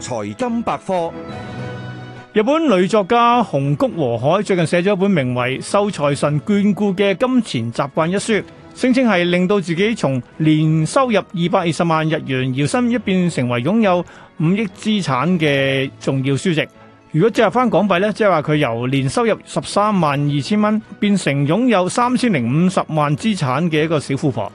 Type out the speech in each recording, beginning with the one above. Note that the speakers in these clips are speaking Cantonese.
財金百科，日本女作家紅谷和海最近寫咗一本名為《受財神眷顧嘅金錢習慣》一書，聲稱係令到自己從年收入二百二十萬日元搖身一變成為擁有五億資產嘅重要書籍。如果折合翻港幣呢，即係話佢由年收入十三萬二千蚊變成擁有三千零五十萬資產嘅一個小富婆。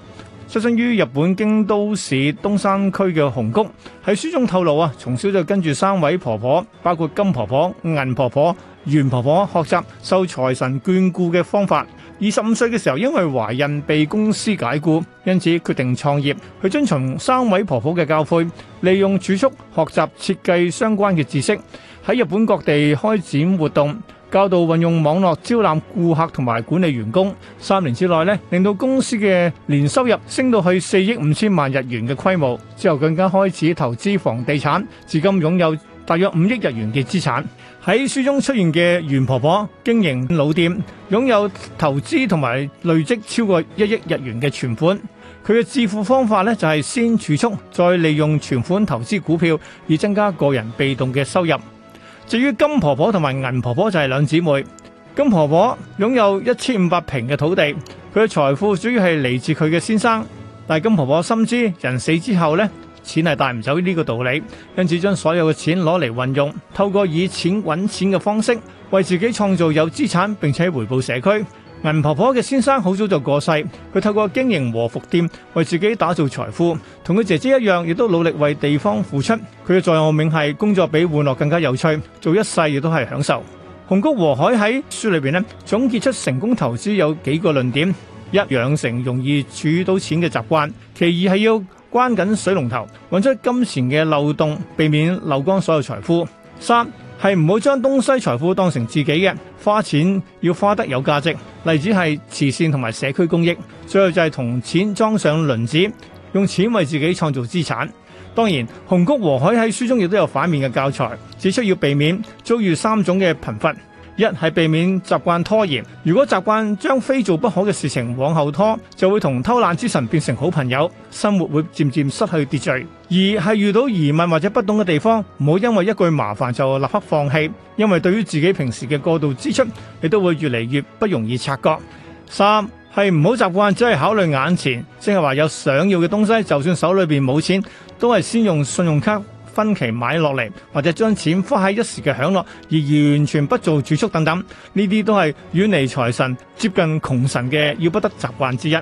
出生於日本京都市東山區嘅紅谷喺書中透露啊，從小就跟住三位婆婆，包括金婆婆、銀婆婆、圓婆婆學習受財神眷顧嘅方法。二十五歲嘅時候，因為懷孕被公司解雇，因此決定創業。佢遵從三位婆婆嘅教誨，利用儲蓄學習設計相關嘅知識，喺日本各地開展活動。教導運用網絡招攬顧客同埋管理員工，三年之內呢令到公司嘅年收入升到去四億五千萬日元嘅規模，之後更加開始投資房地產，至今擁有大約五億日元嘅資產。喺書中出現嘅袁婆婆經營老店，擁有投資同埋累積超過一億日元嘅存款，佢嘅致富方法呢，就係先儲蓄，再利用存款投資股票，以增加個人被動嘅收入。至於金婆婆同埋銀婆婆就係兩姊妹，金婆婆擁有一千五百坪嘅土地，佢嘅財富主要係嚟自佢嘅先生，但係金婆婆深知人死之後呢，錢係帶唔走呢個道理，因此將所有嘅錢攞嚟運用，透過以錢揾錢嘅方式，為自己創造有資產並且回報社區。銀婆婆嘅先生好早就過世，佢透過經營和服店為自己打造財富，同佢姐姐一樣，亦都努力為地方付出。佢嘅座右銘係工作比玩樂更加有趣，做一世亦都係享受。紅谷和海喺書裏邊呢，總結出成功投資有幾個論點：一，養成容易儲到錢嘅習慣；其二係要關緊水龍頭，揾出金錢嘅漏洞，避免漏光所有財富。三係唔好將東西財富當成自己嘅，花錢要花得有價值。例子係慈善同埋社區公益，最後就係同錢裝上輪子，用錢為自己創造資產。當然，紅谷和海喺書中亦都有反面嘅教材，只需要避免遭遇三種嘅貧乏。一係避免習慣拖延，如果習慣將非做不可嘅事情往後拖，就會同偷懶之神變成好朋友，生活會漸漸失去秩序。二係遇到疑問或者不懂嘅地方，唔好因為一句麻煩就立刻放棄，因為對於自己平時嘅過度支出，亦都會越嚟越不容易察覺。三係唔好習慣只係考慮眼前，即係話有想要嘅東西，就算手裏邊冇錢，都係先用信用卡。分期買落嚟，或者將錢花喺一時嘅享樂，而完全不做儲蓄等等，呢啲都係遠離財神、接近窮神嘅要不得習慣之一。